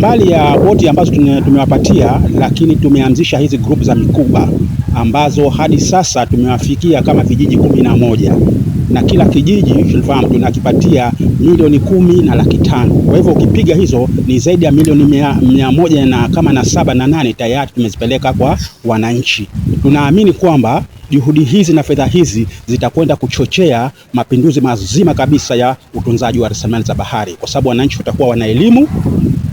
Mbali ya boti ambazo tumewapatia, lakini tumeanzisha hizi grupu za mikuba ambazo hadi sasa tumewafikia kama vijiji kumi na moja na kila kijiji tunafahamu tunakipatia milioni kumi na laki tano. Kwa hivyo ukipiga hizo ni zaidi ya milioni mia, mia moja na kama na saba na nane tayari tumezipeleka kwa wananchi. Tunaamini kwamba juhudi hizi na fedha hizi zitakwenda kuchochea mapinduzi mazima kabisa ya utunzaji wa rasilimali za bahari, kwa sababu wananchi watakuwa wana elimu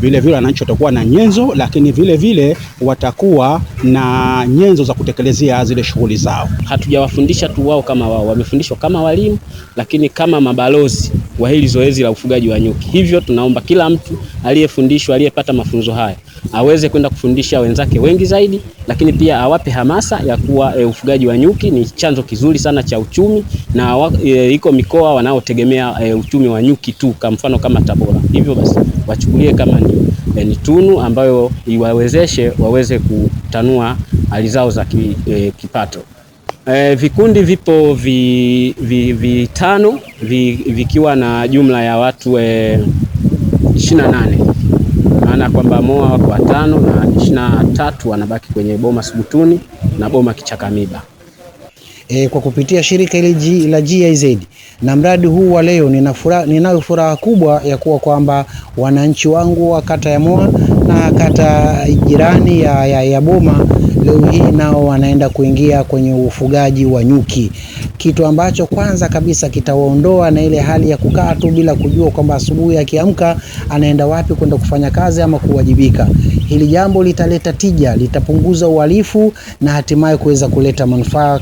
vile vile wananchi watakuwa na nyenzo, lakini vile vile watakuwa na nyenzo za kutekelezea zile shughuli zao. Hatujawafundisha tu wao kama wao, wamefundishwa kama wali elimu, lakini kama mabalozi wa hili zoezi la ufugaji wa nyuki. Hivyo tunaomba kila mtu aliyefundishwa, aliyepata mafunzo haya aweze kwenda kufundisha wenzake wengi zaidi, lakini pia awape hamasa ya kuwa e, ufugaji wa nyuki ni chanzo kizuri sana cha uchumi na e, iko mikoa wanaotegemea e, uchumi wa nyuki tu, kwa mfano kama Tabora. Hivyo basi wachukulie kama ni, e, tunu ambayo iwawezeshe waweze kutanua hali zao za ki, e, kipato. Eh, vikundi vipo vitano vi, vi vi, vikiwa na jumla ya watu eh, 28 maana kwamba MOA wako watano na 23 wanabaki kwenye boma Subutuni na boma Kichakamiba. E, kwa kupitia shirika hili la GIZ na mradi huu wa leo, nina furaha, ninayo furaha kubwa ya kuwa kwamba wananchi wangu wa kata ya MOA na kata jirani ya, ya, ya Boma leo hii nao wanaenda kuingia kwenye ufugaji wa nyuki, kitu ambacho kwanza kabisa kitawaondoa na ile hali ya kukaa tu bila kujua kwamba asubuhi akiamka anaenda wapi kwenda kufanya kazi ama kuwajibika. Hili jambo litaleta tija, litapunguza uhalifu na hatimaye kuweza kuleta manufaa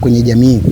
kwenye jamii.